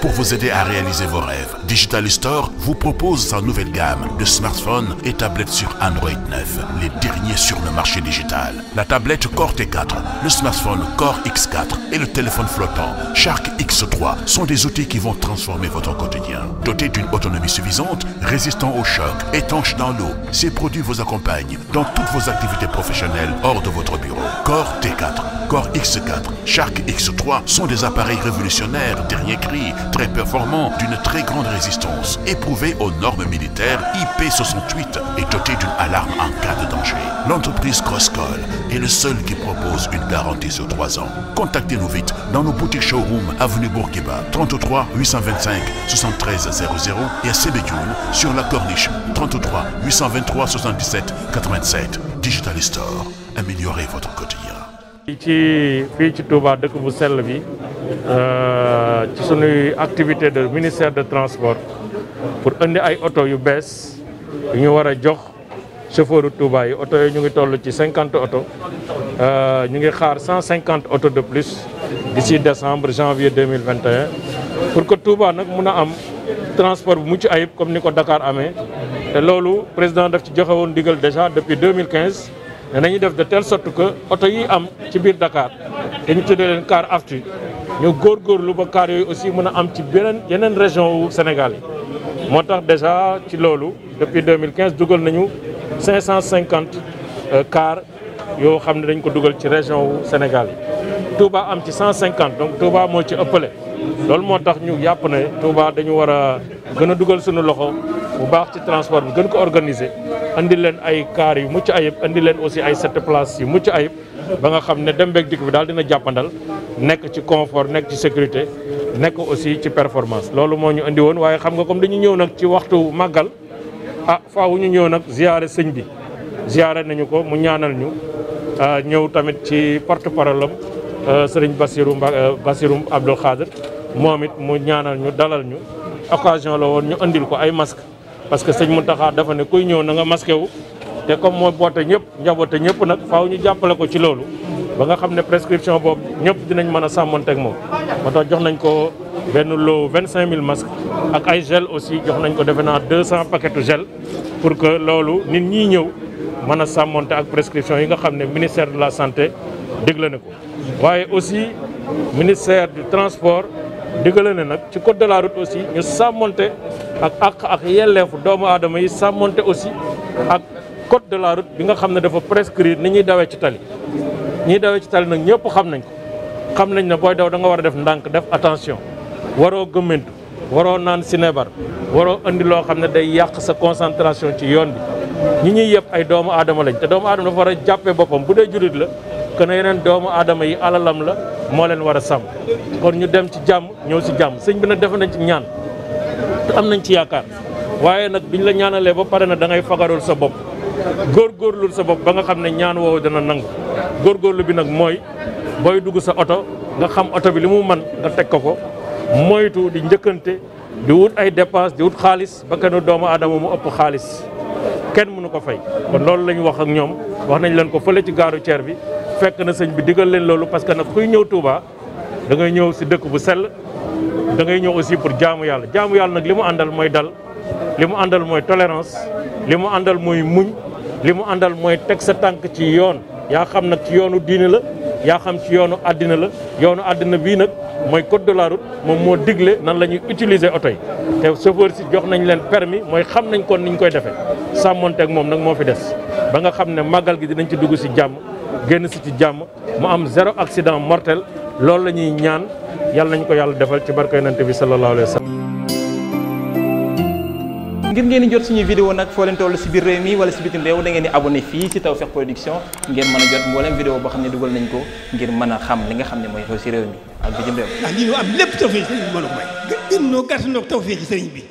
pour vous aider à réaliser vos rêves. Digital Store vous propose sa nouvelle gamme de smartphones et tablettes sur Android les derniers sur le marché digital. La tablette Core T4, le smartphone Core X4 et le téléphone flottant Shark X3 sont des outils qui vont transformer votre quotidien. Dotés d'une autonomie suffisante, résistant aux chocs, étanches dans l'eau, ces produits vous accompagnent dans toutes vos activités professionnelles hors de votre bureau. Core très performant d'une très grande résistance, éprouvé aux normes militaires IP68 et doté d'une alarme en cas de danger. L'entreprise Crosscall est le seul qui propose une garantie sur 3 ans. Contactez-nous vite dans nos boutiques showroom avenue Bourguiba et à Sébédioune sur la Corniche Digital Store, améliorez votre quotidien. ci fii ci Touba dëkk bu sell bi euh, ci sunuy activité de ministère de transport pour indi ay oto yu bees yu ñu war a jox chauffeur Touba yi oto yi ñu ngi toll ci cinquante oto euh, ñu ngi xaar cent cinquante oto de plus d'ici décembre janvier deux mille vingt et pour que Touba nag mun a am transport bu mucc ayib comme ni ko Dakar amee te loolu président def ci joxe woon digal déjà depuis deux mille quinze ne nañu def de telle sorte que oto yi am ci biir dakaar dañu ñu tuddee leen car aftu ñu góorgóorlu ba car yooyu aussi mën a am ci beneen yeneen région wu moo tax déjà ci loolu depuis 2015 dugal nañu 550 euh, car yoo xam ne dañ ko dugal ci région Sénégal yi Touba am ci 150 donc Touba moo ci ëppale loolu moo tax ñu yàpp na Touba dañu war a gën a dugal suñu loxo bu baax ci transport bi gën ko organiser andi leen ay kaar yu mucc ayib indi leen aussi ay sept places yu mucc ayib ba nga xam ne dem beeg dikk bi daal dina jàppandal nekk ci confort nekk ci sécurité nekk aussi ci performance. loolu moo ñu indi woon waaye xam nga comme dañu ñëw nag ci waxtu màggal ah faw ñu ñëw nag ziyaare sëñ bi ziyaare nañu ko mu ñaanal ñu ah, ñëw tamit ci porte parole am ah, sëriñ Bassirou ah, Bassirou Abdoul moom it mu ñaanal ñu dalal ñu occasion la ko ay masque parce que sëñ Mountakha dafa ne kuy ñëw na nga masqué wu te comme moo boote ñëpp njaboote ñëpp nag faaw ñu jàppale ko ci loolu ba nga xam ne prescription boobu ñëpp dinañ mën a sàmmanteeg moom moo tax jox nañ ko benn loo vingt cinq mille masques ak ay gel aussi jox nañ ko defe naa deux cent paquetu gel pour que loolu nit ñi ñëw mën a sàmmonte ak prescription yi nga xam ne ministère de la santé dégle ne ko waaye aussi ministère du transport digale ne nag ci code de la route aussi ñu sàmmonte ak ak ak yelleefu doomu aadama yi sàmmoonte aussi ak code de la bi nga xam ne dafa prescrire ni ñuy dawee ci tali ñii dawee ci tali nag ñëpp xam nañ ko xam nañ ne booy daw da nga war a def ndànk def attention waroo gëmmentu waroo naan sinébar waroo andi loo xam ne day yàq sa concentration ci yoon bi ñi ñuy yëpp ay doomu aadama lañ te doomu aadama dafa war a jàppee boppam bu dee jullit la que ne yeneen doomu aadama yi alalam la moo leen war a sàmm kon ñu dem ci jàmm ñëw si jàmm sëñ bi na def nañ ci ñaan te am nañ ci yaakaar waaye nag biñ la ñaanalee ba pare na da ngay fagarul sa bopp góor góorgóorlul sa bopp ba nga xam ne ñaan woowu dana nangu góor góorlu bi nag mooy booy dugg sa oto nga xam oto bi li mu man nga teg ko ko moytu di njëkkante di wut ay dépense di wut xaalis ba kenn doomu aadama mu ëpp xaalis kenn mënu ko fay kon loolu la ñu wax ak ñoom wax nañ leen ko fële ci gaaru ceer bi fekk na sëñ bi digal leen loolu parce que nag kuy ñëw Touba da ngay ñëw si dëkk bu sell dangay ñëw aussi pour jaamu yàlla jaamu yàlla nag li mu àndal mooy dal li mu àndal mooy tolérance li mu àndal mooy muñ li mu àndal mooy teg sa tànk ci yoon yaa xam nag ci yoonu diine la yaa xam ci yoonu àddina la yoonu àddina bii nag mooy code de la route moom moo digle nan la ñuy utiliser oto yi te chauffeur si jox nañ leen permis mooy xam nañ kon ni koy defee sàmmonteeg moom nag moo fi des ba xam màggal gi dinañ ci dugg si jàmm génn si ci jàmm mu am zéro accident mortel loolu la ñuy ñaan yàlla nañ ko yàlla defal ci barke yonent bi sallallahu alayhi wa sallam ngir ngeen di jot suñu vidéo nag foo leen toll si biir réew mi wala si bitim réew da ngeen di abonné fii si Tawfekh Production ngeen mën a jot mboolem vidéo boo xam ne dugal nañ ko ngir mën a xam li nga xam ne mooy xew si réew mi ak bitim réew. ndax ah, lii ñu am lépp Tawfekh sëriñ bi sëriñ bi.